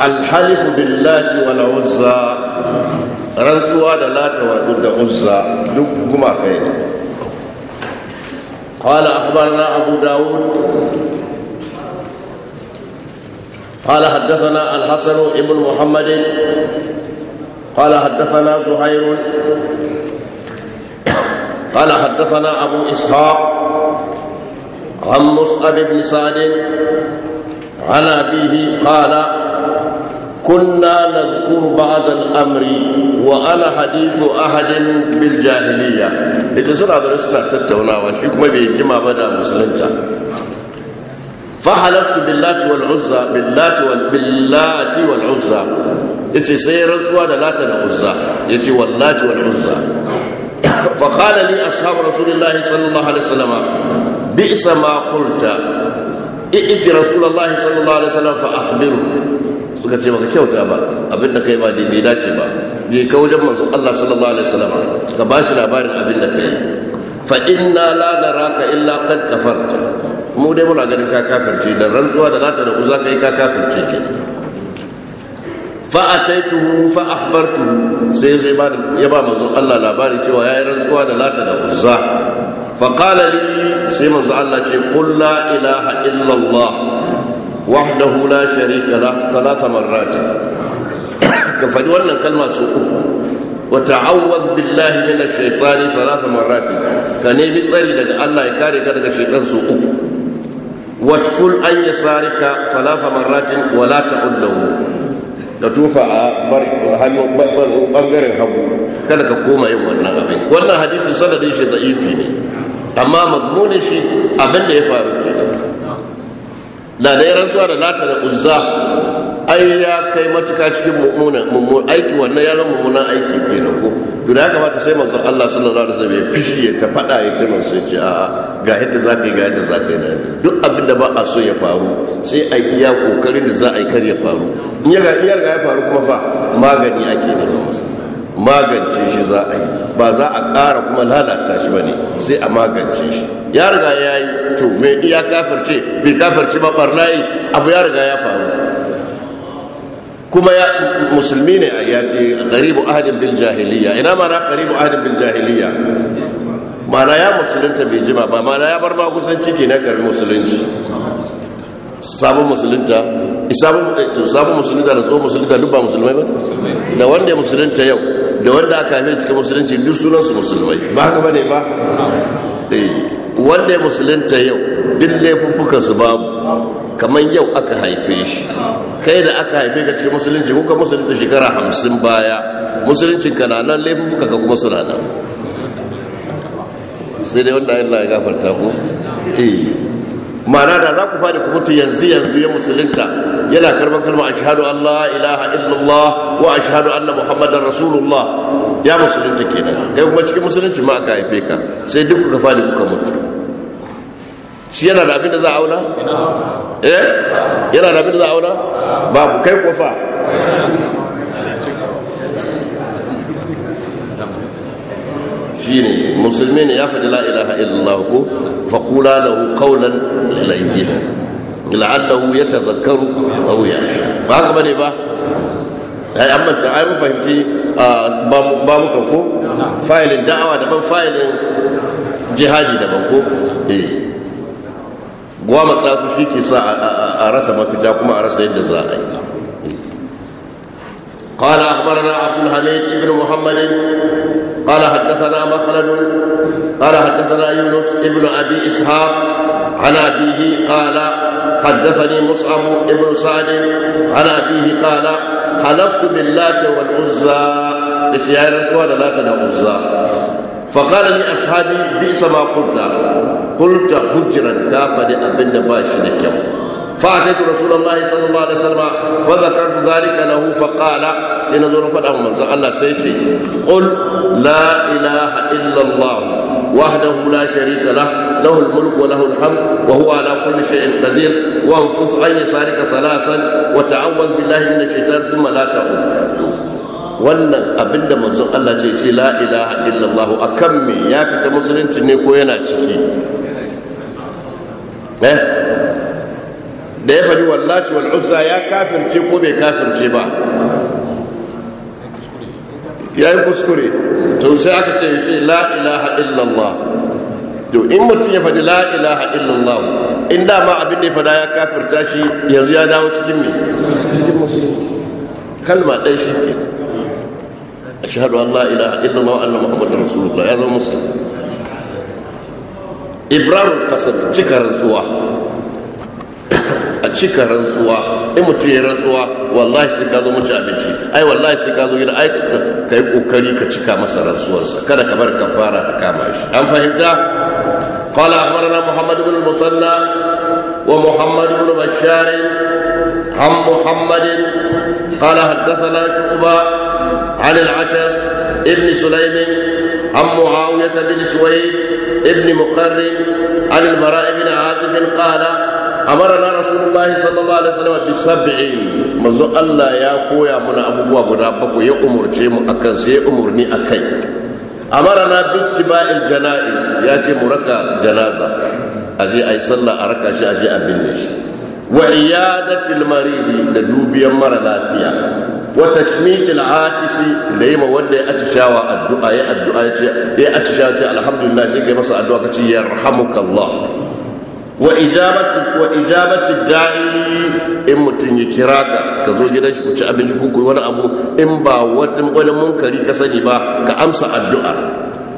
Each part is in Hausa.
alhalifu billahi wal uzza rantsuwa da lata wa da uzza duk kuma kai qala akhbarna abu daud قال حدثنا الحسن ابن محمد قال حدثنا زهير قال حدثنا ابو اسحاق عن مصعب بن سعد عن ابيه قال kunna nadhkuru ba'da amri wa ana hadithu ahadin bil jahiliya ita suna da rasu tattaunawa shi kuma bai jima ba da musulunta fa halaftu billati wal uzza billati wal billati wal uzza yace sai rantsuwa da lata da uzza yace wallati wal uzza fa qala li ashab rasulullah sallallahu alaihi wasallam bi'sa ma qulta i'ti rasulullah sallallahu alaihi wasallam fa akhbiruhu suka ce baka kyauta ba abin da kai ba daidai dace ba je ka wajen manzo Allah sallallahu alaihi wasallam ka bashi labarin abin da kai fa inna la naraka illa qad kafarta mu dai muna ganin ka kafirce da rantsuwa da lata da uza kai ka kafirce ke fa ataituhu fa akhbartuhu sai zai ba ya ba manzo Allah labari cewa yayi rantsuwa da lata da uzza fa qala li sai manzo Allah ce qul la ilaha illa Allah وحده لا شريك له ثلاث مرات كفدي wannan kalma su uku وتعوذ بالله من الشيطان ثلاث مرات ka nemi tsari daga Allah ya kare ka daga shaitan su uku watful an yasarika ثلاث مرات ولا تعد da tufa a hannun bangaren hagu kada ka koma yin wannan abin wannan hadisi sanadin shi da'ifi ne amma mazmunin shi abin da ya faru kenan na da suwa da lata da uzza ai ya kai matuka cikin mummunan mummun aiki wannan ya mummunan aiki kenan ko to da ya kamata sai manzon Allah sallallahu alaihi wasallam ya fishi ya ta fada ya ta mun ya ce a'a ga yadda za yi ga yadda za ka yi na duk abin da ba a so ya faru sai a iya kokarin da za a yi kar ya faru in ya ga ya faru kuma fa magani ake nema masa magance shi za a yi ba za a ƙara kuma lalata shi ba ne sai a magance shi ya riga ya yi to mai iya kafirce bai kafirce ba yi, abu ya riga ya faru kuma ya musulmi ne ya ce garibu ahadin bil jahiliya ina mana garibu ahadin bil jahiliya mana ya musulunta bai jima ba mana ya bar ma ke na garin musulunci sabon musulunta sabon musulunta da tsohon musulunta duk ba musulmai ba da wanda ya musulunta yau da wanda aka haife cikin musulunci duk sunansu musulmai ba haka bane ba eh, wanda ya musulunta yau duk laifuffukansu babu kamar yau aka haife shi kai da aka haife ka cikin musulunci kuka musulunta shekara hamsin baya musulunci ka na nan laifuffuka ka kuma suna nan sai dai wanda Allah ya gafarta ku eh ma'ana da za ku fadi ku mutu yanzu yanzu ya musulunta yana karban kalma a shahadu Allah, ilaha illallah wa ashhadu Allah muhammadar rasulullah ya musulunta kenan kai kuma cikin musulunci ma aka haife ka sai duk kuka fadi kuka mutu shi yana da abin da za a auna eh yana da abin da za a auna babu kai kofa shine musulmi ne ya faɗi la ilaha illallah ko faqula lahu qawlan layyina la'allahu yatadhakkaru aw yakhsha ba haka bane ba ai amma ta ai mu fahimci ba mu ko fa'ilin da'awa daban fa'ilin jihadi daban ko eh goma tsatsu shi ke sa a rasa mafita kuma a rasa yadda za a yi قال أخبرنا عبد الحميد بن محمد قال حدثنا مخلد قال حدثنا يونس ابن ابي اسحاق عن ابيه قال حدثني مصعب ابن سعد عن ابيه قال حلفت باللات والعزى اتيان رسول لات والعزى فقال لي اصحابي بئس ما قلت قلت هجرا كافر ابن باش لك يوم فأتيت رسول الله صلى الله عليه وسلم فذكرت ذلك له فقال سنزور قد أمم الله سيتي قل لا إله إلا الله وحده لا شريك له له الملك وله الحمد وهو على كل شيء قدير وانفص عن يسارك ثلاثا وتعوذ بالله من الشيطان ثم لا تعود wannan abin da manzon Allah ce ce la ilaha illallah akan me ya fita musulunci ne ko yana ciki eh da ya faɗi wallati wal uzza ya kafirce ko bai kafirce ba ya yi kuskure to sai aka ce ce la ilaha illallah to in mutum ya faɗi la ilaha illallah in dama abin da ya faɗa ya kafirta shi yanzu ya dawo cikin me cikin musulunci kalma ɗaya shi ke ashhadu an la ilaha illallah wa anna muhammadar rasulullah ya zama musulmi ibrahim kasar cika rantsuwa cika rantsuwa in mutum ya rantsuwa wallahi sai ka zo mu ci abinci ai wallahi sai ka zo gida ai ka yi kokari ka cika masa rantsuwarsa kada ka bar kafara ta kama shi an fahimta qala akhbarana muhammad ibn musanna wa muhammad ibn bashar عن محمد قال حدثنا شعبة عن العشس ابن سليم عن معاوية بن سويد ابن مقرن عن البراء بن عازب قال amarana rasulullahi sallallahu alaihi wasallam bi sab'in manzo Allah ya koya mana abubuwa guda bakwai ya umurce mu akan sai ya umurni akai amarana bi bail janaiz ya ce mu raka janaza aje ai sallah a raka shi aje a binne shi wa iyadatil maridi da dubiyan mara lafiya wa tashmitil atisi da yi ma wanda ya atishawa addu'a ya addu'a ya ce ya atishawa ce alhamdulillah shi kai masa addu'a kace yarhamukallah wa ijabatu wa ijabatu da'i in mutum ya kiraka ka zo gidan shi ku ci abinci ku koyi wani abu in ba wani wani munkari ka sani ba ka amsa addu'a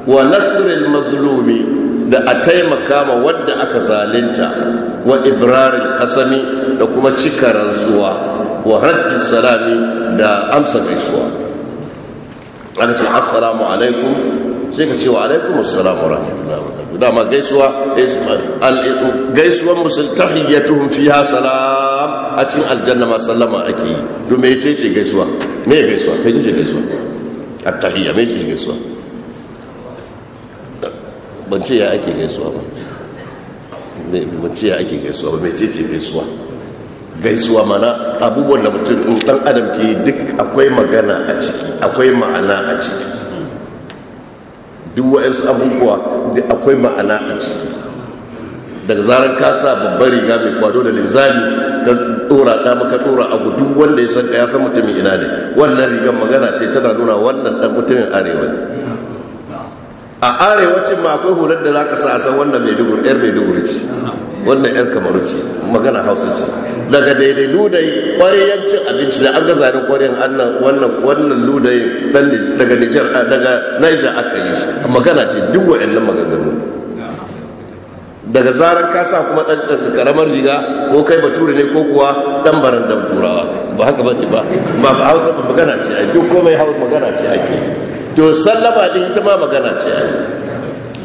wa nasril mazlumi da a taimaka ma wanda aka zalunta wa ibraril qasami da kuma cika rantsuwa wa raddi salami da amsa gaisuwa aka ce assalamu alaikum sai ka ce wa alaikum assalamu wa rahmatullahi wa dama gaisuwa gaisuwan musul fi fiha salam a cin aljanna ma sallama ake yi to me ce ce gaisuwa me gaisuwa me ce gaisuwa at-tahiyya me ce gaisuwa ban ce ya ake gaisuwa ba ban ce ya ake gaisuwa ba me ce ce gaisuwa gaisuwa mana abubuwan da mutum dan adam ke duk akwai magana a ciki akwai ma'ana a ciki duk wa'ansu abubuwa da akwai ma'ana a ciki daga zarar kasa babbar riga mai kwado da linzami ka tsora ta maka tsora abu duk wanda ya san ya san mutumin ina ne wannan rigar magana ce tana nuna wannan dan mutumin arewa ne a arewacin ma akwai hular da za ka sa a san wannan mai dugur yar mai dugur ce wannan yar kamaru ce magana hausa ce daga daidai ludai kwariyan cin abinci da an gaza da kwariyan annan wannan wannan ludayi daga nijar daga niger aka yi shi magana ce duk wa'annan maganganu daga zarar ka sa kuma ɗan karamar riga ko kai bature ne ko kuwa ɗan baran dan turawa ba haka ba ba ba hausa ba magana ce ai duk komai hausa magana ce ake to sallama din ita ma magana ce ai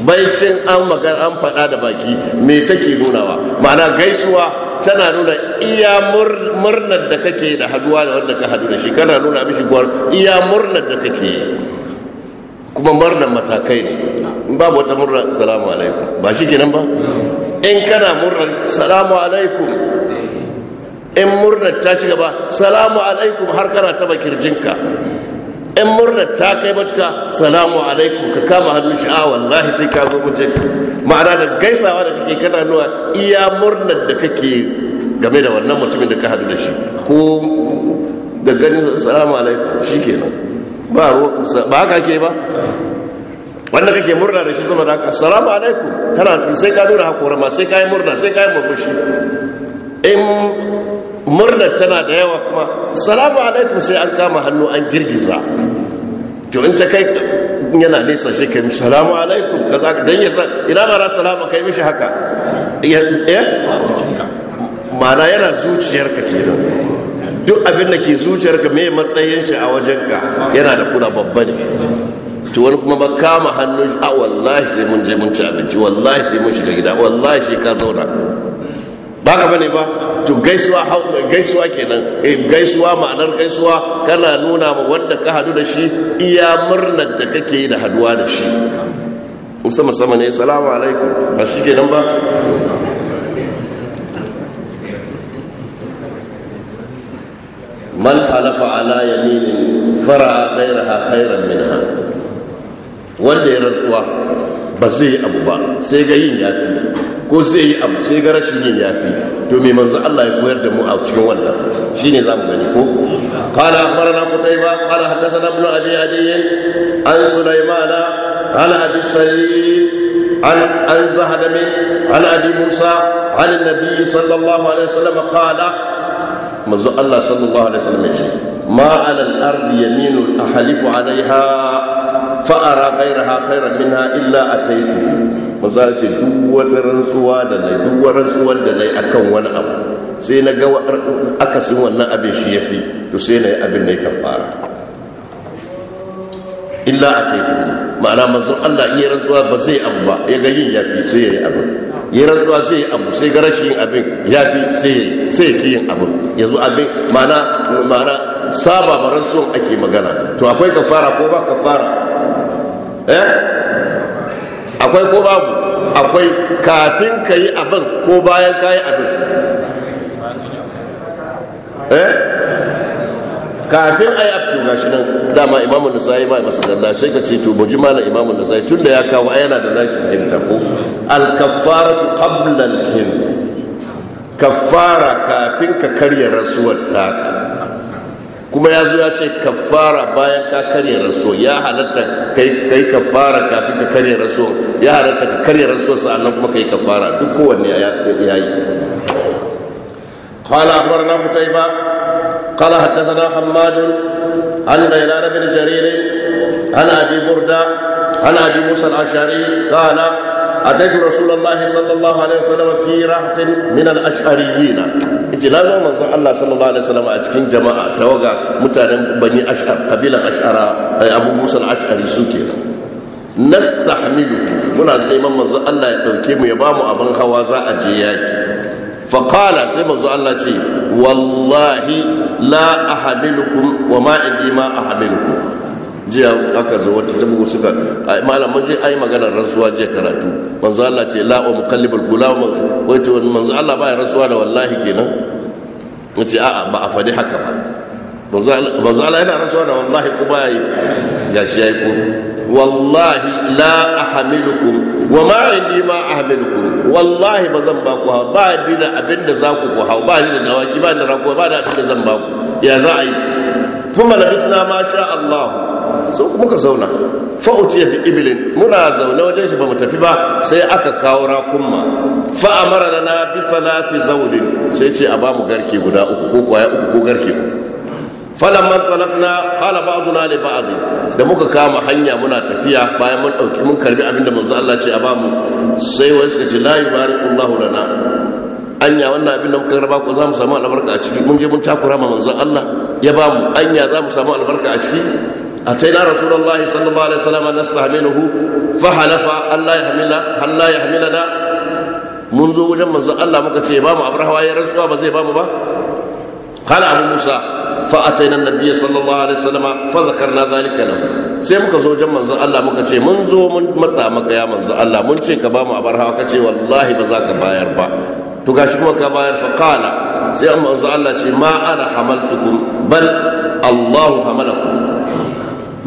baicin an magana an faɗa da baki me take nunawa ma'ana gaisuwa tana nuna iya murnar da kake da haduwa da wanda ka hadu da shi kana nuna mishi gwar iya murnar da kake kuma murnar matakai ne in babu wata murnar salamu alaikum ba shi kenan ba in kana murnar salamu alaikum in murnar ta ci gaba salamu alaikum har kana taba kirjinka in murnar ta kai matuka salamu alaikum ka kama hannun shi a ah, wallahi sai ka zo mutum ma'ana da gaisawa da kake kana nuna iya murnar da kake game da wannan mutumin da ka hadu da shi ko da ganin salamu alaikum shi kenan ba ba haka ke ba wanda kake murna da shi saboda haka salamu alaikum tana sai ka nuna hakora ma sai ka yi murna sai ka yi mabushi in murnar tana da yawa kuma salamu alaikum sai an kama hannu an girgiza to in ta kai yana nesa shi kai salamu alaikum Ka ka dan yasa ina ba ra salama kai mishi haka eh mana yana zuciyarka kenan duk abin da ke zuciyarka me matsayin shi a wajen ka yana da kula babba ne to wani kuma ba kama hannu a ah, wallahi sai mun je mun ci abinci wallahi sai mun shiga gida wallahi sai ka zauna ba ka bane ba to gaisuwa gaisuwa kenan eh gaisuwa ma'anar gaisuwa kana nuna ma wanda ka hadu da shi iya murnar da kake da haduwa da shi musamman sama ne salamu alaikum ba shi kenan ba man halafa ala yamini fara ghairaha khairan minha wanda ya rantsuwa ba zai yi abu ba sai ga yin yafi ko zai yi abu sai ga rashin yin yafi to me manzo Allah ya koyar da mu a cikin wannan shine zamu gani ko qala akhbarana qutayba qala hadathana ibn abi adi an sulaymana an abi sayyid an an zahadami an abi musa an nabi sallallahu alaihi wasallam qala manzo Allah sallallahu alaihi wasallam ya ce ma ala al-ardi yaminu ahlifu alaiha fa'ara ghairaha khairan minha illa ataitu maza ce duk wata rantsuwa da nai duk wata rantsuwa da nai kan wani abu sai na ga akasin wannan abin shi ya fi to sai na yi abin da ya fara illa a ataitu ma'ana manzo Allah iya rantsuwa ba zai abu ba ya ga yin yafi sai ya yi abu yi rantsuwa sai abu sai ga rashin abin ya fi sai ki yin abin yanzu abin ma'ana saba ba rantsuwan ake magana to akwai kafara ko ba kafara eh akwai ko babu akwai kafin ka yi abin ko bayan ka yi abin eh kafin a yi abtu ga shi nan dama imamun da sa'ayi ba masu dalla shi ka ce to buji mana imamun sa'ayi tun da ya kawo a yana da nashi fahimta ko alkafaratu qabla kablan hind kafara kafin ka karya rasuwar taka kuma ya zo ya ce kafara bayan ka karya raso ya halatta kai kafara kafin ka karya raso ya halatta ka karya raso sa'annan kuma kai kafara duk kowanne ya yi قال أخبرنا قتيبة قال حدثنا حماد عن غيلان بن جرير عن أبي بردة عن أبي موسى الأشعري قال أتيت رسول الله صلى الله عليه وسلم في رهط من الأشعريين yace na manzon Allah sallallahu alaihi wasallam a cikin jama'a tawaga mutanen bani ash'ar kabilan ash'ara eh, abu musal ashari suke nastahmilu muna neman manzon Allah ya dauke mu ya ba mu abin hawa za a je yaki fa qala sai manzon Allah ce wallahi la ahabilukum wa ma indi ma ahamilukum jiya aka zo wata ta bugu suka malam je ai maganar rantsuwa jiya karatu manzo Allah ce la wa muqallibul gulam wai to manzo Allah ba ya rasuwa da wallahi kenan nace a'a ba a faɗi haka ba manzo Allah yana rasuwa da wallahi ko ba yi Ya gashi yayi ko wallahi la ahamilukum wa ma indi ma ahamilukum wallahi ba zan ba ku hawa ba ni da abinda za ku ku hawa ba ni da dawaki ba ni da rakuwa ba da abinda zan ba ku ya za a yi kuma labisna ma sha Allah so muka zauna fa'uciya bi ibilin muna zaune wajen shi ba mu tafi ba sai aka kawo rakunma amara na bi thalathi zawdin sai ce a ba mu garke guda uku ko kwaya uku ko garke uku falamman talaqna qala ba'duna li ba'd da muka kama hanya muna tafiya bayan mun dauki mun karbi abinda manzo Allah ce a ba mu sai wani suka ce la Allahu lana anya wannan abin da muka karba za zamu samu albarka a ciki mun je mun takura ma manzo Allah ya ba mu anya zamu samu albarka a ciki أتينا رسول الله صلى الله عليه وسلم أن نستحمله فحلف أن يحملنا أن يحملنا منذ وجم منذ الله مكتي إمام أبره وآية رسوله بزي إمام با قال أبو موسى فأتينا النبي صلى الله عليه وسلم فذكرنا ذلك له sai muka zo jan manzon Allah muka ce mun zo mun matsa maka ya manzon Allah mun ce ka ba mu abarha ka ce wallahi ba za ka bayar ba to gashi kuma ka bayar fa qala sai manzon Allah ce ma ana hamaltukum bal Allahu hamalakum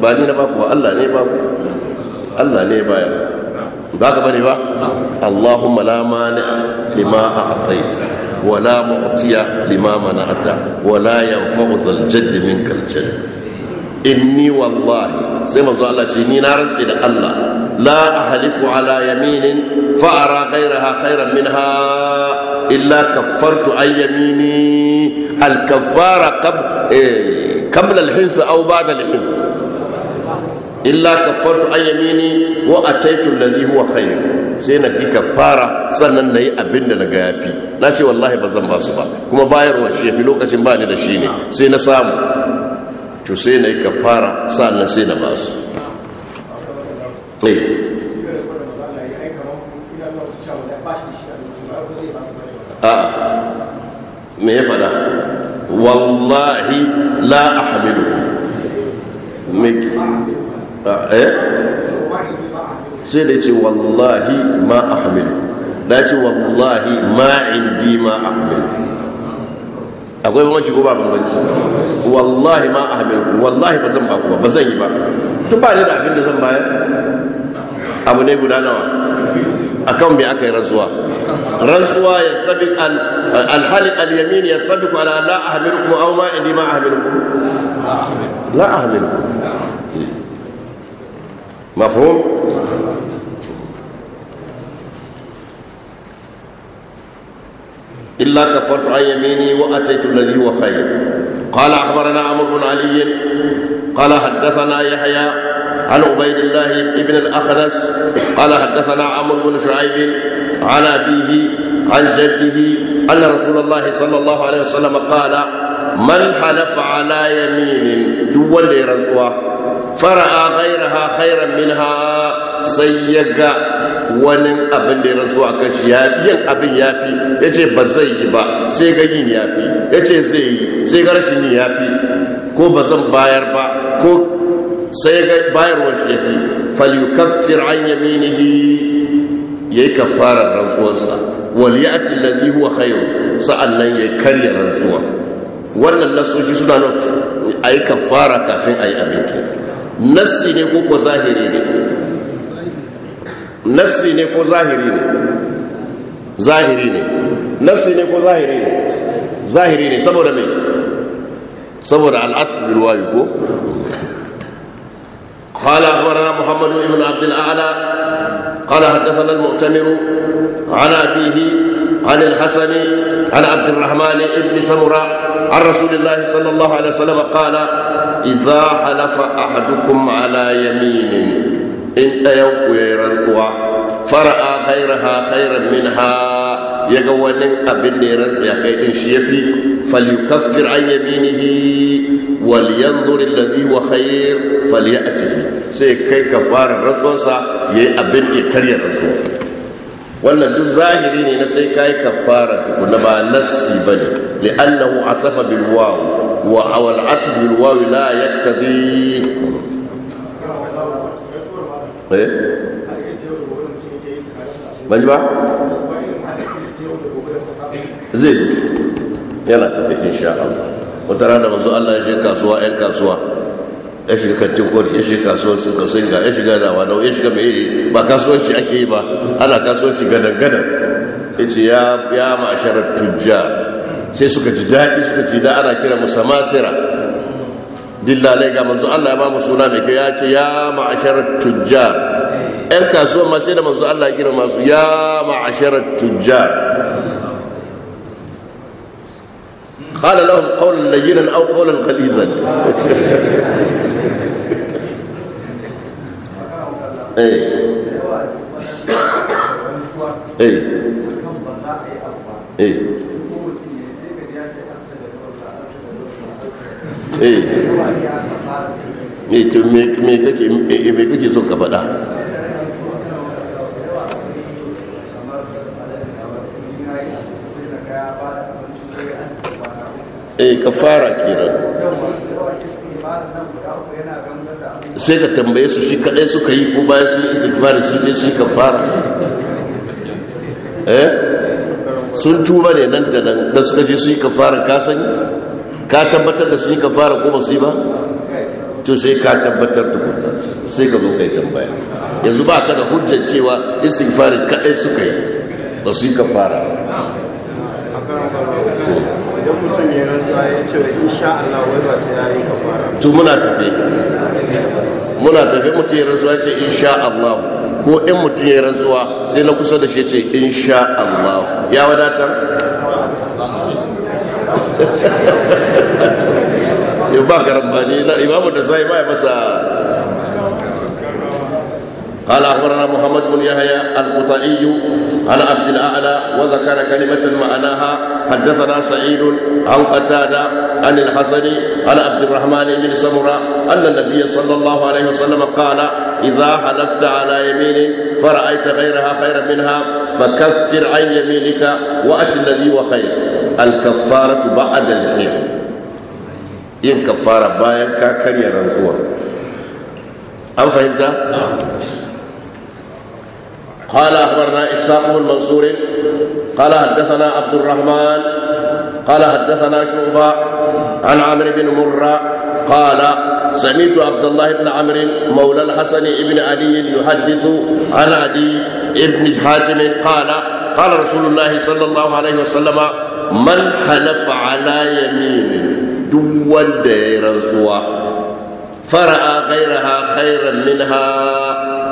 ba ni na ba Allah ne baku Allah ne baya ba ka bane ba Allahumma la lima a'taita wa la mu'tiya lima mana'ta wa la yanfa'u dhal jadd minka al jadd inni wallahi sai manzo Allah ce ni na rantsi da Allah la ahlifu ala yaminin fa ara ghayraha khayran minha illa kaffartu ay al kaffara eh, qabla al hinsa aw ba'da al illa kafartu ayyamini wa ataitu alladhi huwa khair sai na bi kafara sannan nayi abin da naga yafi na ce wallahi ba zan ba su ba kuma bayarwa shi yafi lokacin ba ni da shi ne sai na samu to sai na yi kaffara sannan sai na ba su eh. a'a me ya fada wallahi la ahmilu Ah, eh? sai da ce wallahi ma a hamilu da ce wallahi ma indi ma a hamilu akwai bambanci ko ba bambanci wallahi ma a hamilu wallahi ba zan baku ba ba zan yi ba tun ba ne da abin da zan bayar abu ne guda nawa kan bai aka yi rantsuwa rantsuwa ya tabi alhalin alyamin ya tabi ku ala la a hamilu kuma au ma indi ma a hamilu la a hamilu mafhum إلا كفرت عن يميني وأتيت الذي هو خير قال أخبرنا عمرو بن علي قال حدثنا يحيى عن عبيد الله بن الأخنس قال حدثنا عمرو بن شعيب عن أبيه عن جده أن رسول الله صلى الله عليه وسلم قال من حلف على يمين دول رزقه fara'a ghairaha khairan minha sai ya ga wani abin da ya rasu a kan shi yin abin ya fi ya ce ba zai yi ba sai ga yin ya fi ya ce zai yi sai ga rashin yin ya fi ko ba zan bayar ba ko sai ga bayarwar shi ya fi falyukaffir an yaminihi ya yi kafarar rantsuwarsa waliyati lalzi huwa khairu sa'an nan ya karya rantsuwa wannan nasoshi suna nufi a yi kafara kafin a yi abin nassi ne ko ko zahiri ne nassi ne ko zahiri ne zahiri ne nassi ne ko zahiri ne zahiri ne saboda me saboda al'atsu bil ko قال اخبرنا محمد بن عبد الاعلى قال حدثنا المؤتمر عن ابيه عن الحسن عن عبد الرحمن بن سمره عن رسول الله صلى الله عليه وسلم قال idza halafa ahadukum ala yaminin in ɗayan ku ya yi rantsuwa fara'a ghairaha khairan minha ya ga wani abin da ya rantsa ya kai din shi ya fi falyukaffir an yaminihi wal yanzur alladhi wa khair falyatihi sai kai ka fara rantsuwarsa yayi abin da karya rantsuwa wannan duk zahiri ne na sai kai ka fara tukuna ba nassi bane li'annahu atafa bil waw والعطف بالواو لا يقتضي ايه مجمع زيد ba تبقى ان yana الله insha Allah wata rana manzo Allah ya shiga kasuwa ɗan kasuwa ya shiga ya shiga kasuwar ga ya shiga rawa nau ya shiga mai ba kasuwanci ake yi ba ana kasuwanci gadan gadan ya ce ya ma'asharar tujjar sai suka ji daɗi suka ci da ana kira musa masira dillalai ga manzo Allah ya ba mu suna mai kai ya ce ya ma'ashar tujjar ɗan kasuwan ma sai da manzo Allah ya kira masu ya ma'ashar tujjar kala lahum ƙaunin layyinan au ƙaunin qalizan eh eh, eh. Eh. me kake so ka faɗa eh kafara kenan sai ka tambaye su shi kadai suka yi ko bayan sun iska istighfari sun je sun fara eh sun tuba ne nan da nan da suka je sun yi kafara ka sani ka tabbatar da sun yi kafara ko ba su yi ba to sai ka tabbatar da kuma sai ka zo kai tambaya yanzu ba ka da hujjar cewa istighfari kadai suka yi ba su yi kafara to muna tafe muna tafe mutum ya rantsuwa ce insha Allah ko in mutum ya rantsuwa sai na kusa da shi ce insha Allah ya wadatar yau ba karambani na imamu da sai ba ya masa قال اخبرنا محمد بن يحيى القطعي عن عبد الاعلى وذكر كلمه معناها حدثنا سعيد عن قتاده عن الحسن عن عبد الرحمن بن سمره ان النبي صلى الله عليه وسلم قال اذا حلفت على يمين فرايت غيرها خيرا منها فكفر عن يمينك وات الذي هو خير الكفارة بعد al إن كفارة باين bayan ka karya rantsuwa قال اخبرنا اسحاق بن منصور قال حدثنا عبد الرحمن قال حدثنا شعبه عن عمرو بن مره قال سمعت عبد الله بن عمرو مولى الحسن بن علي يحدث عن علي بن حاتم قال قال رسول الله صلى الله عليه وسلم man halafa ala yaminin duk wanda ya yi rantsuwa fara'a ghairaha khairan minha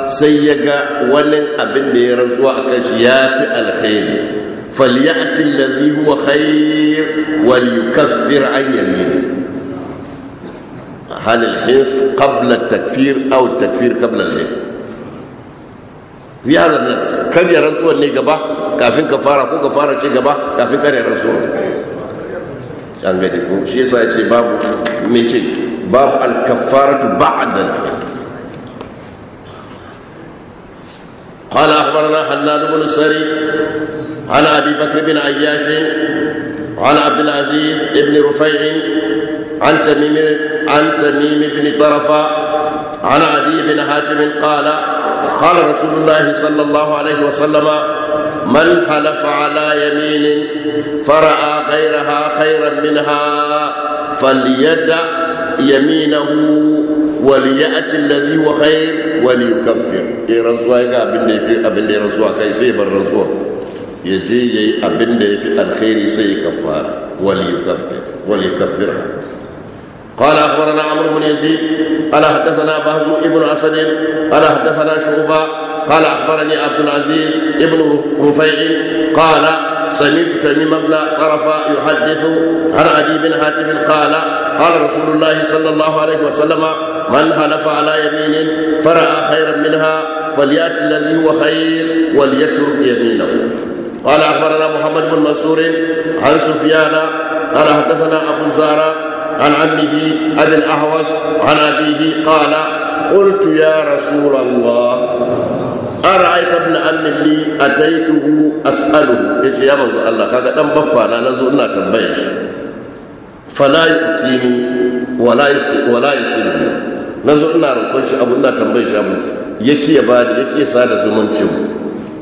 sai ya ga wani abin da ya rantsuwa a kashi ya fi alkhairi falyati allazi huwa khair wal yukaffir an yamini hal al-hins qabla at-takfir aw at-takfir qabla al-hins y'a hadar kan karya rantsuwar ne gaba kafin ka fara ko ka fara ce gaba kafin karya rantsuwar an gade ko shi yasa ya ce babu mece babu alkafaratu ba'da قال اخبرنا حناد بن السري عن ابي بكر بن عياش عن عبد العزيز بن رفيع عن تميم عن تميم بن طرفه عن علي بن حاتم قال قال رسول الله صلى الله عليه وسلم من حلف على يمين فرأى غيرها خيرا منها فليدع يمينه وليأتي الذي هو خير وليكفر إيه رزوها يقع أبن لي رزوها كي سيب الرزوها يجي أبن لي في الخير سيكفر وليكفر وليكفرها قال اخبرنا عمرو بن يزيد قال حدثنا بهزو ابن اسد قال حدثنا شعبه قال اخبرني عبد العزيز ابن رفيع قال سمعت تميم بن طرفة يحدث عن ابي بن حاتم قال قال رسول الله صلى الله عليه وسلم من حلف على يمين فرأى خيرا منها فليأت الذي هو خير وليترك يمينه قال أخبرنا محمد بن منصور عن سفيان قال حدثنا أبو زارا عن عبده أبي الأهوس عن أبيه قال قلت يا رسول الله أرأيت ابن عم لي أتيته أسأله إيش يا منزل الله كذا دم بابا أنا نزلنا تنبيش فلا يؤتيني ولا يسل ولا يسلني نزلنا ركون شي أبو الله تنبيش أبو يكي يبادر يكي سادة زمن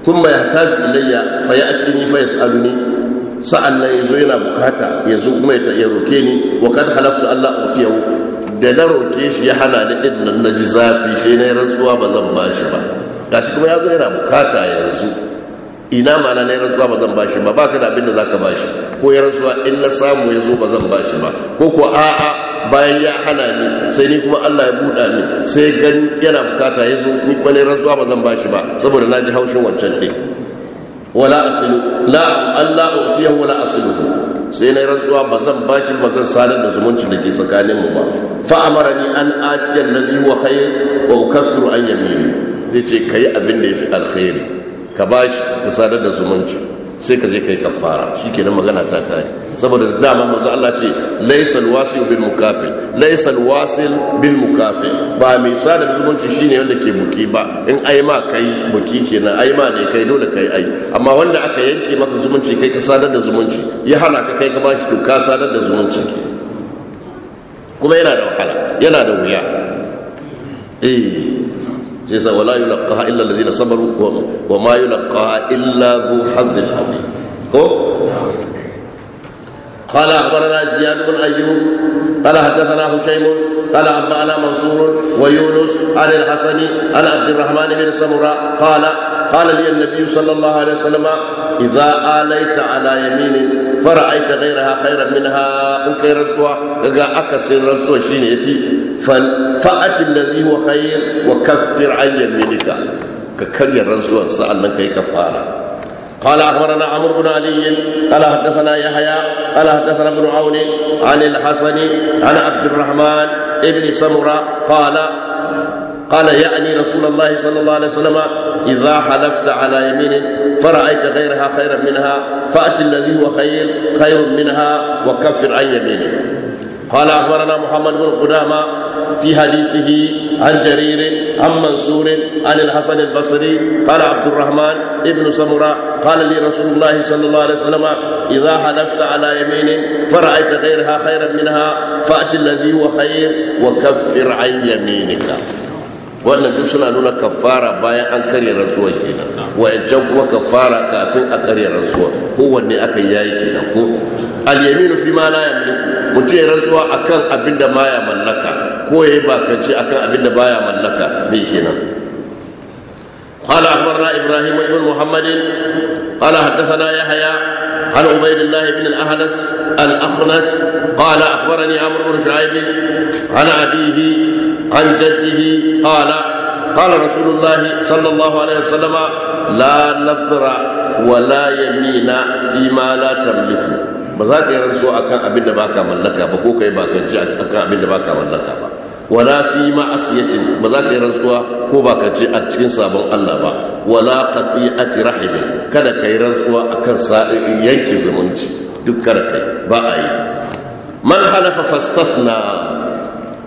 ثم يحتاج إلي فيأتيني فيسألني Sa'an na yazo yana bukata zo kuma ya roke ni wa kan halafta Allah yau da na roke shi ya hana ni ɗin nan ji zafi sai na rantsuwa ba zan ba shi ba shi kuma zo yana bukata yanzu ina mana na yi rantsuwa ba zan ba shi ba ba baka da abin da ba shi, ko ya rantsuwa in na samu ya zo ba zan ba shi ba ko ko a'a bayan ya hana ni sai ni kuma Allah ya buɗa ni sai gan yana bukata ya zo ni kuma ne rantsuwa ba zan ba shi ba saboda na ji haushin wancan ɗin wala asilu la Allah utiyahu wala asilu sai na rantsuwa ba zan bashi ba zan sadar da zumuncin da ke tsakanin mu ba fa amarani an atiyar nabi wa khair wa ukathiru an yamini zai ce kai abin da yafi alkhairi ka bashi ka sadar da zumunci sai ka je kai kafara shikenan magana ta kare saboda dama manzo Allah ce laysal wasil bil mukafil laysal wasil bil mukafil ba mai sada zumunci shine wanda ke buki ba in ai ma kai buki kenan ai ma ne kai dole kai ai amma wanda aka yanke maka zumunci kai ka sadar da zumunci ya hana ka kai ka bashi to ka sadar da zumunci kuma yana da wahala yana da wuya eh جيسا ولا يلقاها إلا الذين صبروا وما يلقاها إلا ذو حظ عظيم قال أخبرنا زياد بن أيوب قال حدثنا هشيم قال أنبأنا منصور ويونس عن الحسن عن عبد الرحمن بن سمرة قال قال لي النبي صلى الله عليه وسلم إذا آليت على يمين فرأيت غيرها خيرا منها إن كي رزقها غا أكسر رزقها شين يتي فأت الذي هو خير وكفر عن يمينك ككري الرزقها سألنا كي كفارة قال اخبرنا عمرو بن علي قال حدثنا يحيى قال حدثنا ابن عون عن الحسن عن عبد الرحمن ابن سمره قال قال يعني رسول الله صلى الله عليه وسلم إذا حلفت على يمين فرأيت غيرها خيرا منها فأت الذي هو خير خير منها وكفر عن يمينك قال أخبرنا محمد بن قدامة في حديثه عن جرير عن منصور عن الحسن البصري قال عبد الرحمن ابن سمرة قال لي رسول الله صلى الله عليه وسلم إذا حلفت على يمين فرأيت غيرها خيرا منها فأت الذي هو خير وكفر عن يمينك wannan duk suna nuna kafara bayan an karya rantsuwa kenan wa'ancan kuma kafara kafin a karya rantsuwa kowanne aka yayi kenan ko al fi ma la yamliku mutum ya rantsuwa akan abin da baya mallaka ko yayi bakance akan abin da baya mallaka me kenan قال أخبرنا إبراهيم بن محمد قال حدثنا يحيى عن عبيد الله بن الأهلس الأخنس قال أخبرني عمرو بن شعيب عن عن جده قال قال رسول الله صلى الله عليه وسلم لا نظر ولا يمين فيما لا تملك ba za ka yi rantsuwa akan abin da ka mallaka ba ko kai ba bakanci akan abin da ka mallaka ba wala fi ma'asiyatin ba za ka yi rantsuwa ko ba ka ci a cikin sabon Allah ba wala qati'ati rahimin kada ka yi rantsuwa a kan sa'in yanke zumunci duk kada kai ba a yi man halafa fastathna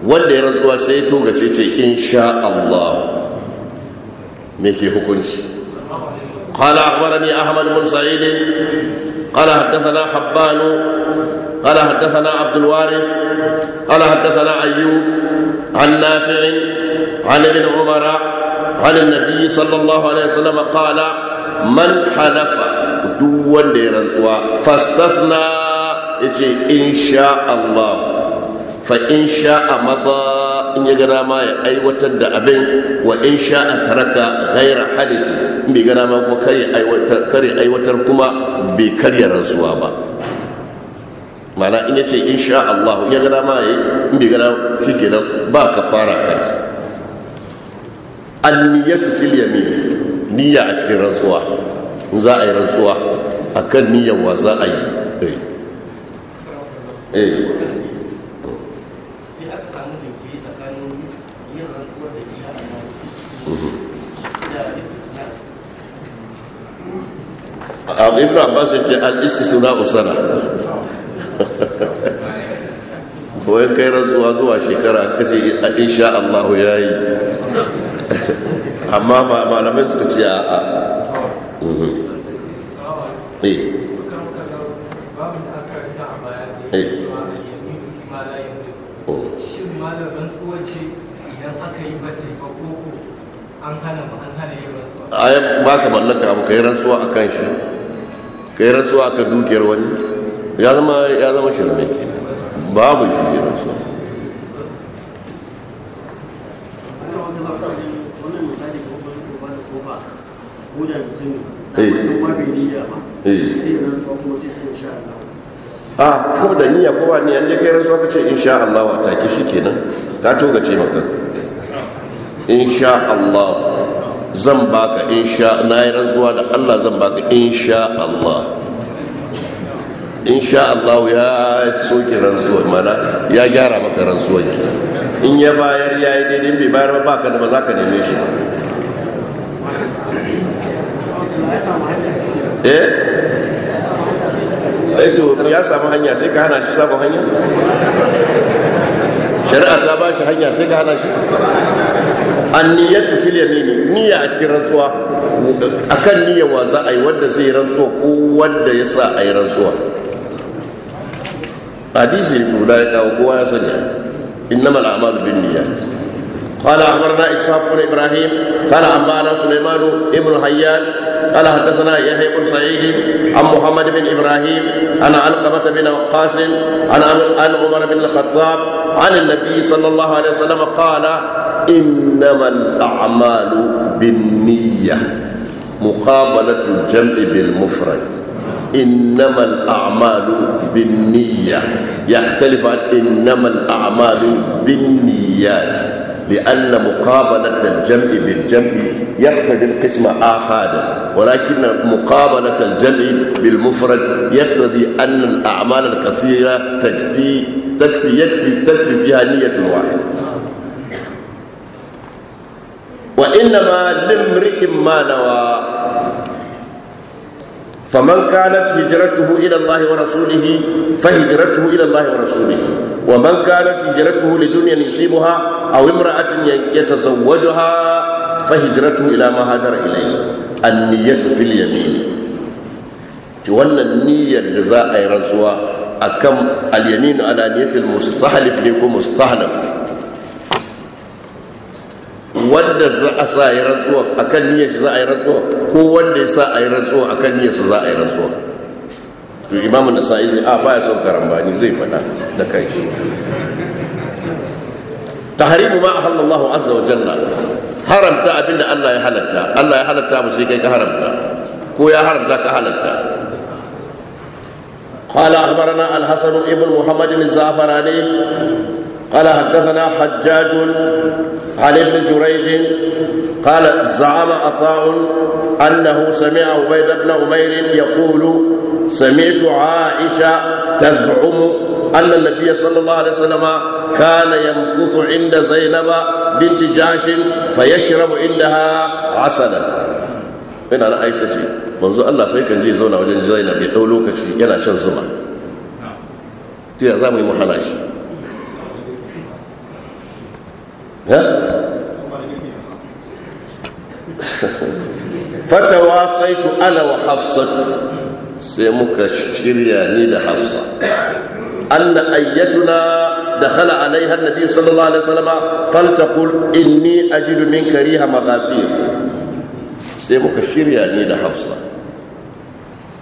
wanda ya rantsuwa sai to togace ce insha Allah me ke hukunci kala akwara ne ahmad mulsa'idin kala haddasa habbanu kala haddasa na abdulwaris kala haddasa na ayyu an nafi'in an ibn umara an nabi sallallahu alaihi wasallam kala man halafa duk wanda ya rantsuwa fastasna ya ce insha Allah fa in sha'a maza in ya gara ma ya aiwatar da abin wa in sha'a taraka gaira halifi in bai gara ma kuma kare aiwatar aiwatar kuma bai karya rantsuwa ba mana in yace in sha Allah ya gara ma ya in bai gara nan ba ka fara kansa alniyatu fil yamin niyya a cikin rantsuwa za a yi rantsuwa akan niyyar wa za a yi eh, eh. Mm-hmm. ibn ba ya ce al-istisna usana wai kai rantsuwa zuwa shekara kace insha Allah ya yi amma malamai suka ce a mm-hmm. eh. eh. oh. a idan aka yi bata yi ba ayan ba ka mallaka abu ka rantsuwa a kan shi ka rantsuwa a kan dukiyar wani ya zama ya zama shirme ke babu shi ke rantsuwa eh. Eh. a ko da niyya ko ba niyya je kai rantsuwa ka ce insha Allah wa take shi kenan ka toga ce maka insha Allah zan baka insha na yi rantsuwa da Allah zan baka insha Allah insha Allah ya soke rantsuwa mana ya gyara maka rantsuwa ne in ya bayar ya yi daidai bai bayar ba baka da ba za ka neme shi eh eto ya samu hanya sai ka hana shi sabon hanya shari'a ta ba shi hanya sai ka hana shi anniyatu ne yamini niyya a cikin rantsuwa akan niyyar wa za a yi wanda zai yi rantsuwa ko wanda ya sa a yi rantsuwa hadisi guda ya kawo kowa ya sani innamal a'malu binniyat قال اخبرنا اسحاق بن ابراهيم قال انبانا Ibrahim, بن حيان قال حدثنا يحيى بن سعيد عن محمد Ibrahim, ana عن علقمه بن ana عن عن عمر بن الخطاب عن النبي صلى الله عليه وسلم قال إنما الأعمال بالنية مقابلة الجمع بالمفرد إنما الأعمال بالنية يختلف عن إنما الأعمال بالنيات لأن مقابلة الجمع بالجمع يقتضي القسم آحادا ولكن مقابلة الجمع بالمفرد يقتضي أن الأعمال الكثيرة تكفي تكفي يكفي تكفي فيها نية واحدة wa inna ma limri'in ma nawa faman kanat hijratuhu ila allahi wa rasulih fa hijratuhu ila allahi wa rasulih wa man kanat hijratuhu lidunyan yusibuha aw imra'atin yatazawwajuha fa hijratuhu ila ma hajara ilayhi an-niyyatu fil yamin ki wannan niyyar da za a yi rantsuwa akan al-yamin ala niyyatil mustahlif ne ko mustahlaf wanda za a sa yi rantsuwa a kan niyyar shi za a yi rantsuwa ko wanda ya sa a yi rantsuwa a kan niyyar shi za a yi rantsuwa to imamu na sa'i zai a baya son karambani zai faɗa da kai tahrimu ma ahallallahu azza wa janna haramta abinda Allah ya halatta Allah ya halatta ba sai kai ka haramta ko ya haramta ka halatta قال أخبرنا الحسن ابن محمد الزعفراني قال حدثنا حجاج عن ابن جريج قال زعم عطاء أنه سمع عبيد بن عمير يقول سمعت عائشة تزعم أن النبي صلى الله عليه وسلم كان يمكث عند زينب بنت جاش فيشرب عندها عسلا ina na aisha ce manzo Allah fai kan je zauna wajen Zainab ya dau lokaci yana shan zuma to ya za mu yi mu hana shi fatawa fatawasaitu ana wa hafsatu sai muka shirya ni da hafsa anna ayyatuna dakhala alaiha annabi sallallahu alaihi wasallam faltaqul inni ajidu min kariha maghafir sai muka shirya ni da hafsa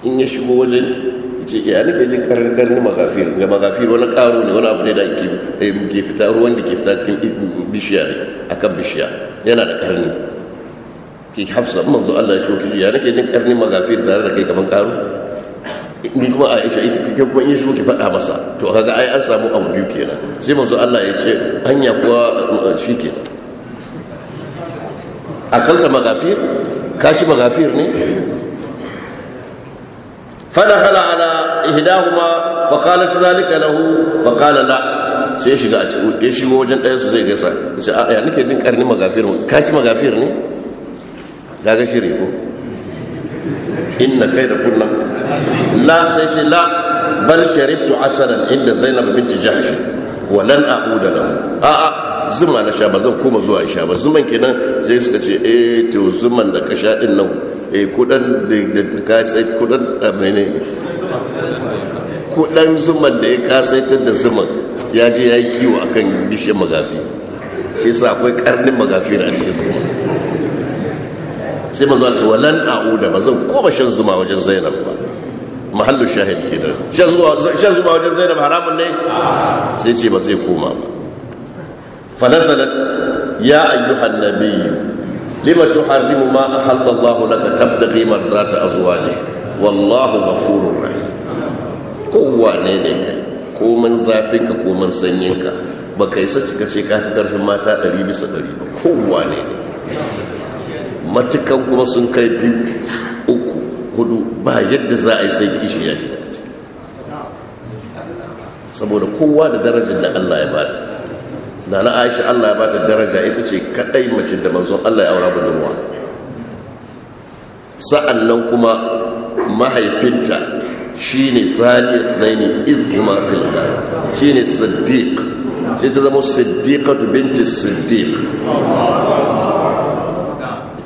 in ya shigo wajenki ce ya nake jin karin karin magafir ga magafir wani karo ne wani abu ne da ke fita ruwan da ke fita cikin bishiya ne kan bishiya yana da karni ke hafsa manzo Allah ya shoki ya nake jin karni magafir tare da kai kamar karo ni kuma Aisha ita kike kuma in shoki faɗa masa to kaga ai an samu abu biyu kenan sai manzo Allah ya ce hanya kuwa shi kenan akalta magafir ka ci magafir ne فدخل على إهداهما فقالت ذلك له فقال لا sai shiga ya shigo wajen ɗaya su zai gaisa sai a ɗaya nake jin ƙarni magafir mu ka ci magafir ne gaga shiri ko inna kai da kunna la sai ce la bal sharibtu asalan inda zainab binti jahsh wa lan a'uda lahu a a zuma na sha ba zan koma zuwa sha ba zuman kenan sai suka ce eh to zuman da ka sha din nan Eh, kudan da kasai kudan mene kudan zuman da ya kasaitar da zuman ya ji ya yi kiwo a kan bishiyar magafi shi sa akwai karnin magafi a cikin zuman sai mazu alfi walan uda ba zan koma shan zuma wajen zainab ba mahallu shahid da shan zuma wajen zainab haramun ne sai ce ba zai koma ba fanazalat ya ayyuhan nabiyyu لما تحرم ma أحل الله لك tabtaghi mardata أزواجه wallahu غفور رحيم kowa ka baka isa cika ce ka fi karfin mata 100 bisa ba ne matukan kuma sun kai biyu uku ba yadda za a yi sai ya shiga saboda kowa da darajar da Allah ya bata na na aisha allah ya ba ta daraja ita ce kadai mace da manzon allah ya aura budurwa sa'an nan kuma mahaifinta shi ne zaniyar naini izuma filda shi ne siddiq shi ta zama siddiqatu binti siddiq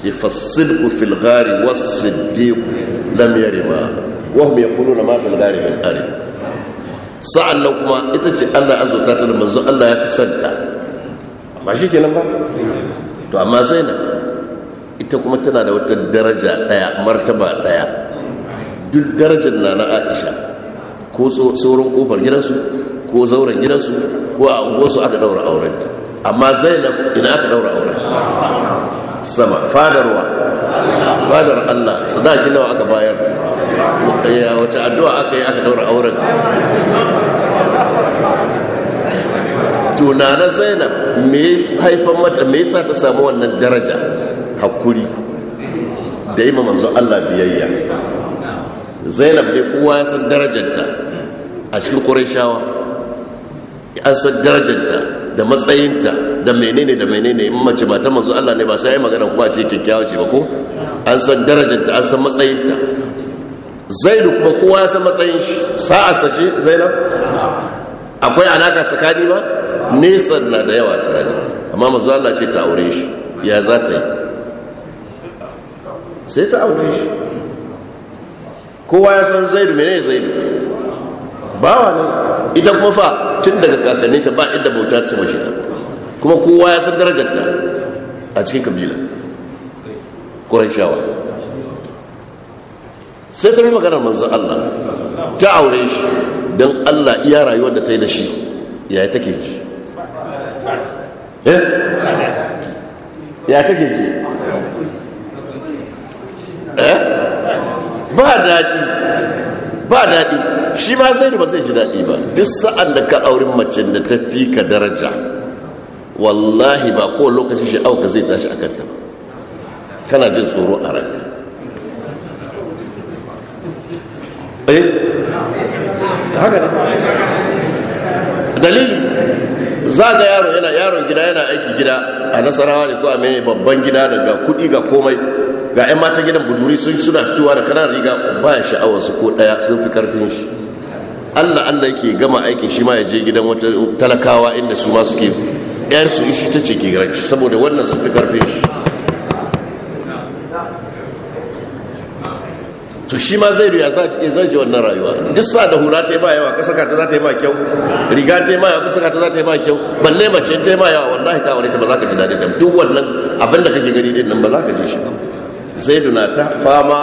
ce fasidku filgari wasu siddiqu lam yarima wahum ya kulu na ma filgari min arim sa'an nan kuma ita ce allah azurta ta da manzo allah ya fi santa amma shi kenan ba to amma na ita kuma tana da wata daraja daya martaba daya duk darajar na na aisha ko sauran kofar gidansu ko zauren gidansu ko a unguwarsu aka daura auren amma zainab ina aka daura auren sama fadarwa fadar Allah sadaki nawa aka bayar ya wace addu'a aka yi aka daura auren tunana Zainab me haifan mata me yasa ta samu wannan daraja hakuri da yi manzo Allah biyayya Zainab dai kowa ya san darajarta a cikin Qurayshawa an san darajarta da matsayinta da menene da menene in mace ba ta manzo Allah ne ba sai ai magana kuma ce kyakkyawa ce ba ko an san darajarta an san matsayinta zaidu kuma kowa ya san matsayin shi sa'a ce zainab akwai alaka tsakani ba nesa na da yawa tsakani amma manzo Allah ce ta aure shi ya za ta yi sai ta aure shi kowa ya san zaidu menene zaidu bawa ne ita kuma fa tun daga kakanni ta ba inda bauta ta mashi kuma kowa ya san darajarta a cikin kabila ƙuraishawa sai ta bi maganar manzon Allah ta aure shi don Allah iya rayuwar da ta yi da shi yaya take ji eh? ya take ji eh? ba daɗi ba daɗi shi ma sai da ba zai ji daɗi ba duk sa'an da ka aurin mace da ta fi ka daraja wallahi ba ko lokacin shi auka zai tashi a kanta ba kana jin tsoro a ranka eh dalili za ga yaro yana yaron gida yana aiki gida a nasarawa ne ko a mene babban gida daga kudi ga komai ga 'yan mata gidan buduri sun suna fitowa da kanar riga ba ya sha'awarsu ko daya sun fi karfin shi allah allah yake gama aikin shi ma ya je gidan wata talakawa inda su ma suke yar su ishi ta ce girar saboda wannan su fi karfe shi to shi ma zai riya zai ji wannan rayuwa duk sa da hula ta yi ba yawa ka ta za ta yi ma kyau riga ta yi ma yawa ka ta za ta yi ma kyau balle mace ta yi ma yawa wallahi ka wani ta ba za ka ji daɗin da duk wannan abin da kake gani din nan ba za ka ji shi ba zai duna ta fama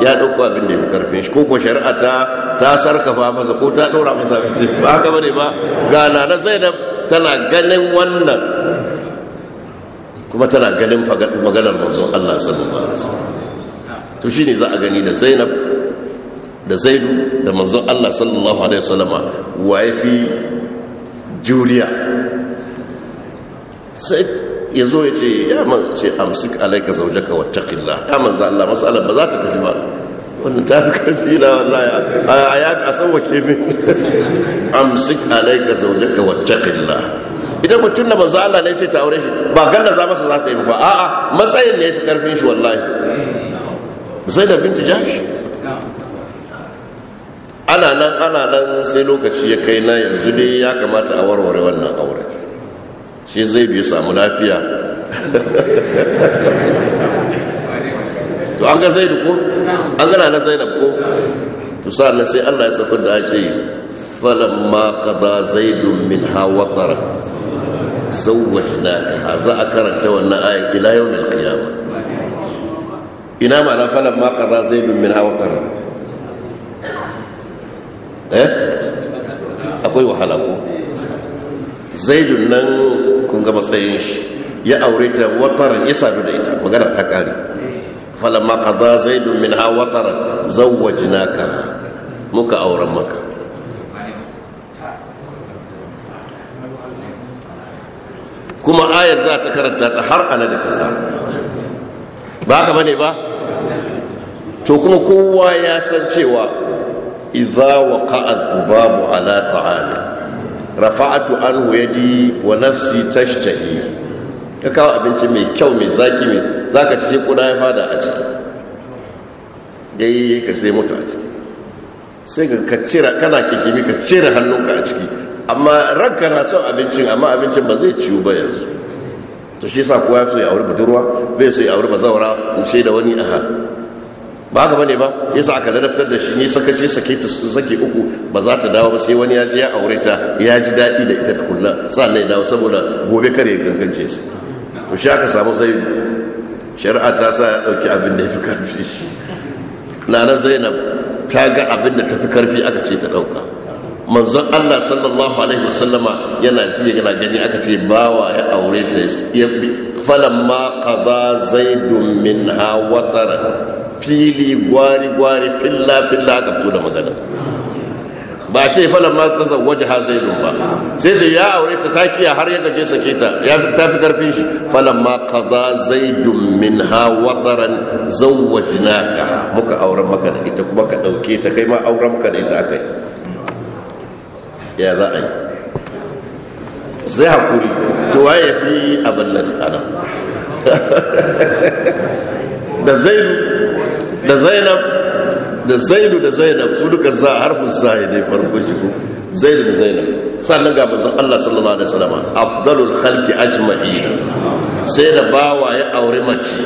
ya ɗauko abin da ya fi karfin shi ko shari'a ta ta sarkafa masa ko ta ɗora masa ba haka bane ba ga na na zainab tana ganin wannan kuma tana ganin maganar manzon Allah sallallahu alaihi wasallam to shine za a gani da Zainab da Zaidu da manzon Allah sallallahu alaihi wasallama waye fi juriya sai ya zo ya ce ya man ce amsik alaika zaujaka wattaqillah ya manzo Allah mas'alar ba za ta tafi ba wannan ta fi karfi na wallaya a ya ka sauwake min amsik alaika wata kalla idan mutum na manzo Allah ne ce ta aure shi ba galla za masa za ta yi ba a'a matsayin ne ya fi karfin shi wallahi zainab binti jahsh ana nan ana nan sai lokaci ya kai na yanzu ne ya kamata a warware wannan aure shi zai biyu samu lafiya to an ga zaidu ko an gana na zainab ko to sa'annan sai Allah ya sako da ce ma qada zaidun min hawa na zawwajnaka za a karanta wannan ayat ila yawmil qiyamah ina ma'ana ma qada zaidun min hawa hawatara eh akwai wahala ko zaidun nan kun ga matsayin shi ya aure ta watar ya sadu da ita magana ta ƙari. falamma qada zaidun minha wataran zawwajnaka muka auren maka kuma ayar za ta karanta ta har ana da kasa ba ka bane ba to kuma kowa ya san cewa idza waqa'a zubabu ala ta'ani rafa'atu anhu yadi wa nafsi tashtahi ka kawo abinci mai kyau mai zaki mai za ka ci kuda ya fada a ciki yayi ka sai mutu a ciki sai ka cira kana kikimi ka cire hannunka a ciki amma ranka na son abincin amma abincin ba zai ciwu ba yanzu to shi sa kowa ya so ya auri budurwa bai so ya auri zaura wuce da wani aha ba ka bane ba sa aka ladabtar da shi ni sakace sake ta sake uku ba za ta dawo ba sai wani ya ji ya aure ta ya ji daɗi da ita tukunna na yi dawo saboda gobe kare gangance su to shi aka samu sai shari'a ta sa ya ɗauki abin da ya fi karfi nana zainab ta ga abin da ta fi karfi aka ce ta ɗauka manzon allah sallallahu alaihi wasallama yana ji yana gani aka ce bawa ya aure ta ya falan ma zai zaidun min ha fili gwari gwari filla filla aka fito da magana ba a ce falan ma ta zawwaje ha zai ba sai ta ya aure ta takiya har ya gaje sake ta ya ta fi karfin shi falan ma qada zaidun minha wataran ka muka auren maka da ita kuma ka ɗauke ta kai ma auren maka da ita akai ya za a yi sai hakuri to waye fi abin nan ana da zainab da zaidu da zainab su duka za harfin sahi ne farko shi ko zaidu da zainab sannan ga manzon Allah sallallahu alaihi wasallam afdalul khalqi ajma'in sai da bawa ya aure mace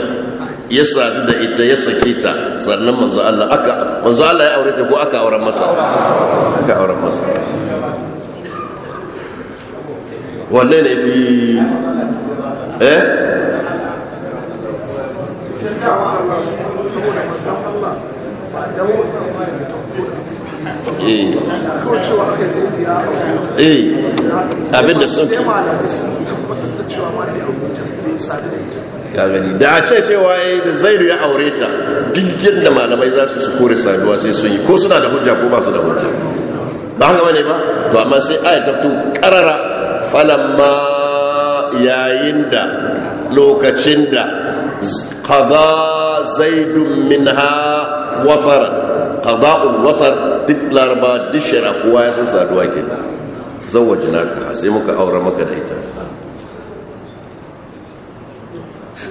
ya sadu da ita ya sake ta sannan manzo Allah aka manzo Allah ya aure ta ko aka auren masa aka auren masa wannan ne fi eh Allah Eh. Eh. abin da sun ya da a ce cewa ya eh, da zairu ya aure ta duk da malamai za su kore saduwa sai sun yi ko suna da hujja ko ba su da hujja ba haka wane ba to amma sai aya ta karara falamma yayin da lokacin da qada zaidun ha! watara qada'ul watar duk laraba duk shara kowa ya san saduwa ke zawajina ka sai muka aure maka da ita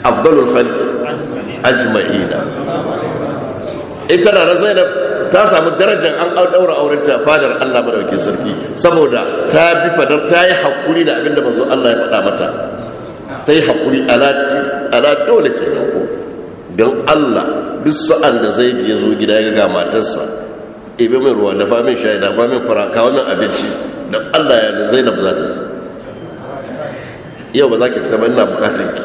afdalul khalq ajma'ina ita na da ta samu darajar an ɗaura auren ta fadar Allah madaukin sarki saboda ta bi fadar ta yi haƙuri da abinda manzo Allah ya faɗa mata ta yi haƙuri ala ala dole kenan ko don allah duk sa'an da zai ya zo gida ya ga matarsa ibe mai ruwa dafa min shayi dafa min fara kawo min abinci don allah ya zainab za ta yau ba za ki fita ba ina bukatar ki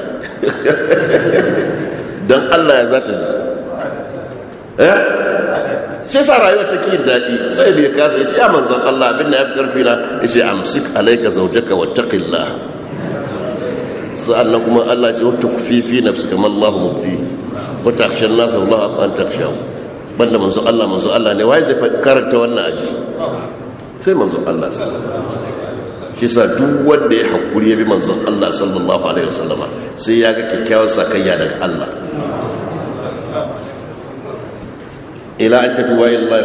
don allah ya za ta ji eh sai sa rayuwa ta ki daɗi sai bai kasa ya ce ya manzan allah abin da ya fi karfi na ya ce amsik alaika zaujaka wa taqillah sa'annan kuma Allah ce wata kufifi nafsi kamar Allah mubdi wa takshan nasa Allah an takshahu banda manzo Allah manzo Allah ne wai zai karanta wannan aji sai manzo Allah shi sa duk wanda ya hakuri ya bi manzo Allah sallallahu alaihi wasallama sai ya ga kikkiawar sakayya daga Allah an tafi إلى أن تتوب إلى الله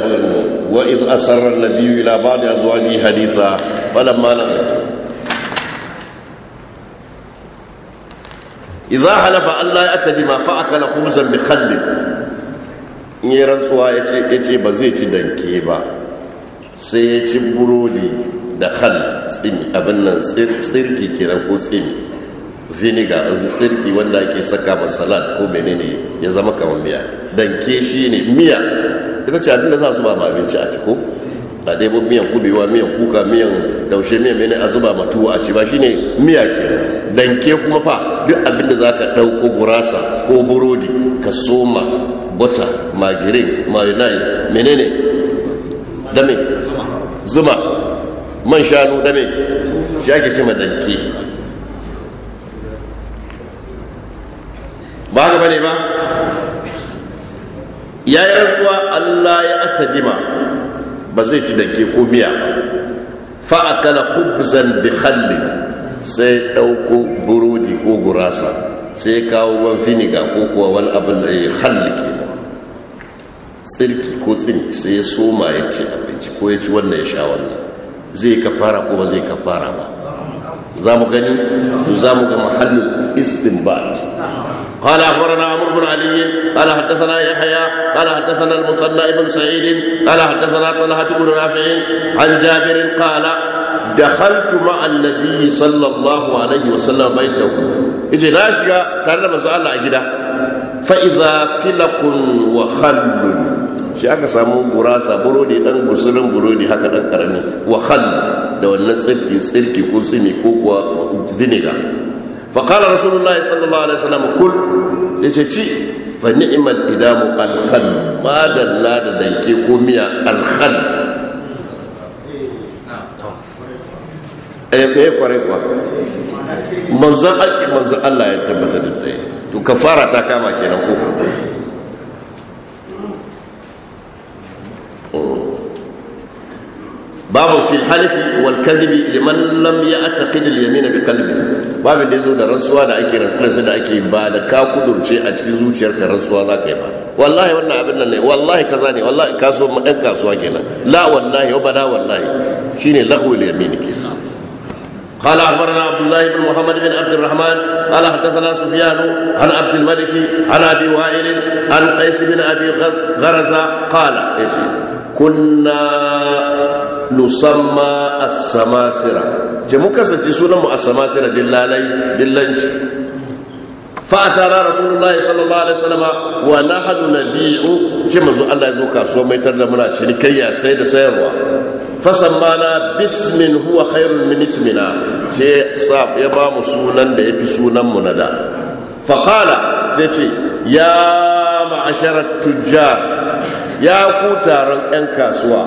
وإذ أسر النبي إلى بعض أزواجه حديثا فلما لقيته iza halafa Allah ya atadi ma fa akala khumsan bi khall in yi rantsuwa ya yace ba zai ci danke ba sai ya ci burodi da khall tsini, abin nan tsirki kiran ko tsini, vinegar tsirki wanda ake saka ma salad ko menene ya zama kamar miya danke shi miya ita ce abin da za su ba ma abinci a ciko ba dai miyan kubewa miyan kuka miyan daushe miyan mene a zuba ma tuwo a ci ba shine miya kenan danke kuma fa duk abin da za ka ɗauko gurasa ko burodi ka soma butter margarine mayonnaise menene dame zuma man shanu dame shi ake ce madanki ba ka bane ba ya yi rasuwa allah ya atadima ba zai ci danke ko miya fa akala khubzan bi khallin sai ɗauko burodi ko gurasa sai kawo wani finiga ko kuwa wani abin da ya halli nan tsirki ko tsinki sai ya soma ya ci abinci ko ya ci wannan ya sha wannan zai kafara ko ba zai kafara ba za mu gani to za mu ga mahallin istinbat قال اخبرنا عمرو بن علي قال حدثنا يحيى قال حدثنا المصلى بن سعيد قال حدثنا طلحه بن رافع عن جابر قال dakhaltu ma'a annabi sallallahu alaihi wa wasallam baitahu yace na shiga tare da manzo Allah a gida fa idza filaqun wa khallun shi aka samu gurasa burodi dan gusurin burodi haka dan karami wa khall da wannan tsirki tsirki ko tsini ko kuwa vinegar fa qala rasulullahi sallallahu alaihi wasallam kul yace ci fa ni'mal idamu al khall ma dalla da danke ko miya al khall Eh, ya kwarai kuwa manzan alƙi manzan Allah ya tabbata da ɗaya to kafara ta kama ke na kuma babu fi halifi wal kazibi liman lam ya al yamin bi qalbi babu da yazo da rantsuwa da ake rantsuwa da ake ba da ka kudurce a cikin zuciyarka rantsuwa za ka yi ba wallahi wannan abin nan ne wallahi kaza ne wallahi kaso ɗan kasuwa kenan la wallahi wa bada wallahi shine lagwul yamin kenan قال اخبرنا عبد الله بن محمد بن عبد الرحمن قال حدثنا سفيان عن عبد الملك عن ابي وائل عن قيس بن ابي غرزه قال يجي كنا نسمى السماسره ce mun kasance sunan mu a samasira dillalai dillanci فأتانا رسول الله صلى الله عليه وسلم ونحن نبيع شيء منذ الله يزوكا سوى ما يترنا منا شركية سيد سيروا فسمانا باسم هو خير من اسمنا شيء صاب يبام سونا لأبي سونا مندا فقال سيتي يا معشر التجار يا كوتارا أنكا سوا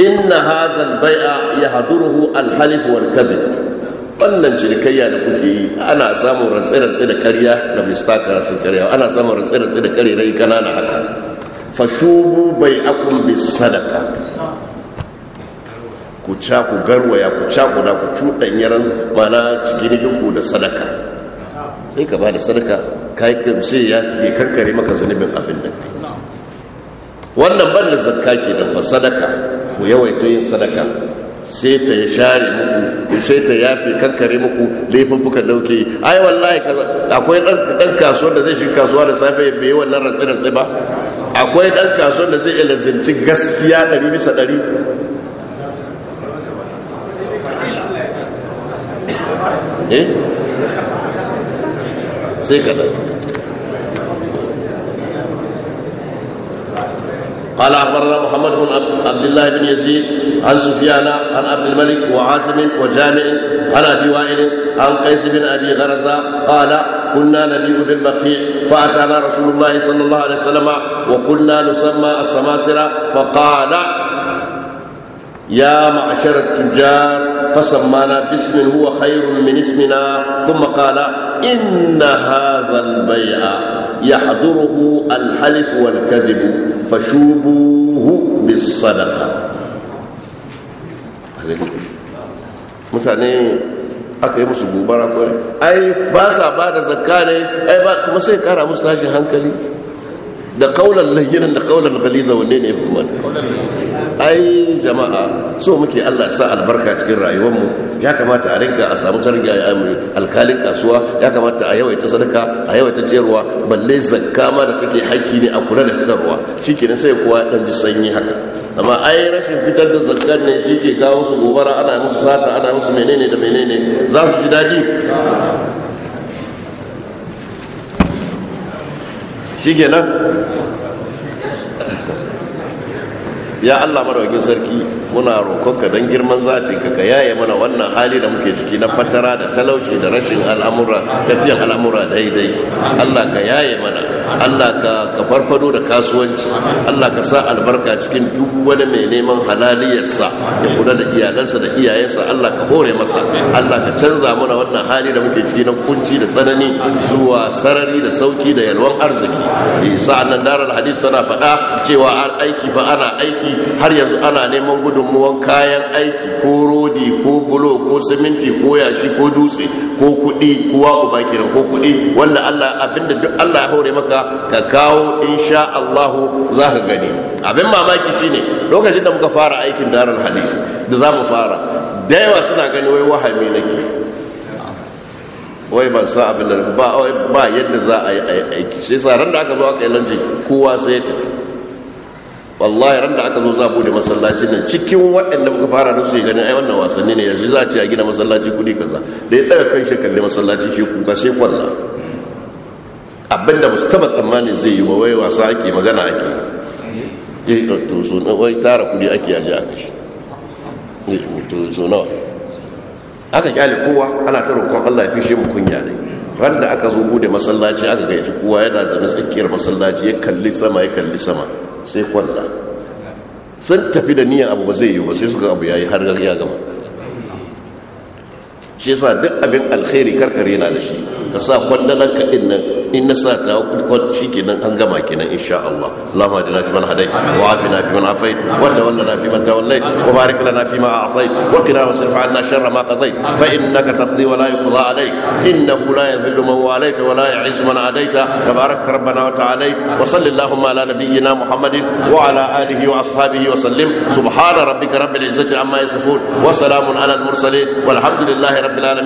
إن هذا البيع يهدره الحلف والكذب wannan cinikayya da kuke yi ana samun rantsai-rantsai da karya da mistaka sun karya ana samun rantsai-rantsai da karya rai kanana haka fashubu bai akun bi sadaka ku ca ku garwaya ku ca ku da ku cuɗan yaran mana cikin ku da sadaka sai ka ba da sadaka ka yi kamshe ya ke kankare maka zunubin abin da kai wannan ban da zakka ke da sadaka ku yawaita yin sadaka sai ta ya share muku sai ta yafe kankare muku laifin da dauke yi ai wallahi akwai dan kasuwar da zai shiga kasuwa da safe ya bai wannan ratsi ratsi ba akwai dan kasuwar da zai ilazinci gaskiya ɗari bisa ɗari eh sai da. قال اخبرنا محمد بن عبد الله بن يزيد عن سفيان عن عبد الملك وعاصم وجامع عن ابي وائل عن قيس بن ابي غرزه قال كنا نبيء بالبقيع فاتانا رسول الله صلى الله عليه وسلم وكنا نسمى السماسره فقال يا معشر التجار فسمانا باسم هو خير من اسمنا ثم قال ان هذا البيع يحضره الحلف والكذب فشوبوه بالصدقة mutane aka yi musu gobara kawai ai ba sa ba da zakka ne ai ba kuma sai kara musu tashin hankali da kaular layyinan da kaular galiza wanne ne ya fi kuma ai jama'a so muke Allah sa albarka cikin rayuwarmu ya kamata a rinka a samu tarbiya alkalin kasuwa ya kamata a yawaita sadaka a yawaita ciyarwa balle zakka ma da take haƙƙi ne a kula da fitarwa shikenan sai kowa dan ji sanyi haka amma ai rashin fitar da zakkar ne shi ke kawo su gobara ana musu sata ana musu menene da menene za su ji daɗi shikenan ya Allah madaukakin sarki muna roƙonka don girman zati ka yaye mana wannan hali da muke ciki na fatara da talauci da rashin al'amura tafiyan al'amura daidai Allah ka yaye mana Allah ka farfado da kasuwanci Allah ka sa albarka cikin duk wani mai neman halaliyarsa ya kula da iyalansa da iyayensa Allah ka hore masa Allah ka canza mana wannan hali da muke ciki na kunci da tsanani zuwa sarari da sauki da yalwan arziki eh, sa'an nan darar hadis sana faɗa cewa an aiki fa ana aiki har yanzu ana neman gudun gudunmuwan kayan aiki ko rodi ko bulo ko siminti ko yashi ko dutse ko kuɗi ko uba kenan ko kuɗi wanda Allah abinda duk Allah ya hore maka ka kawo insha Allah za ka gani abin mamaki shine lokacin da muka fara aikin daren hadisi da za mu fara da yawa suna gani wai wahami nake wai ban sa abin da ba yadda za a yi aiki sai sa ran da aka zo aka yi lanci kowa sai ya tafi wallahi ran da aka zo za bude masallacin nan cikin waɗanda muka fara da su ganin ai wannan wasanni ne yanzu za a ce a gina masallaci kuɗi kaza da ya daga kan shakalli masallaci shi kuka sai kwalla abinda ba su taɓa tsammani zai yi ba wai wasa ake magana ake yi eh, to so na wai tara kuɗi ake yaji aka shi eh, to so nawa aka kyale kowa ana ta roƙon allah ya fishe mu kunya ne ran da aka zo bude masallaci aka gaici kowa yana zama tsakiyar masallaci ya kalli sama ya kalli sama sai kwalla sun tafi da niyan abu ba zai yi ba sai suka abu yayi har ya gama shi yasa duk abin alkhairi karkare na da shi ka sa kwandalan ka din nan in na sa ta kwat shi kenan an gama kenan insha Allah Allahumma ajina fi man hadai wa afina fi man afait wa tawallana fi man tawallait wa barik lana fi ma a'tait wa qina 'anna sharra ma qadait fa innaka taqdi wa la yuqda alayk innahu la yadhillu man wa la man adaita tabarak rabbana wa ta'ala wa salli Allahumma ala nabiyyina Muhammadin wa ala alihi wa ashabihi wa sallim subhana rabbika rabbil izzati amma yasifun wa salamun ala al mursalin والحمد لله رب العالمين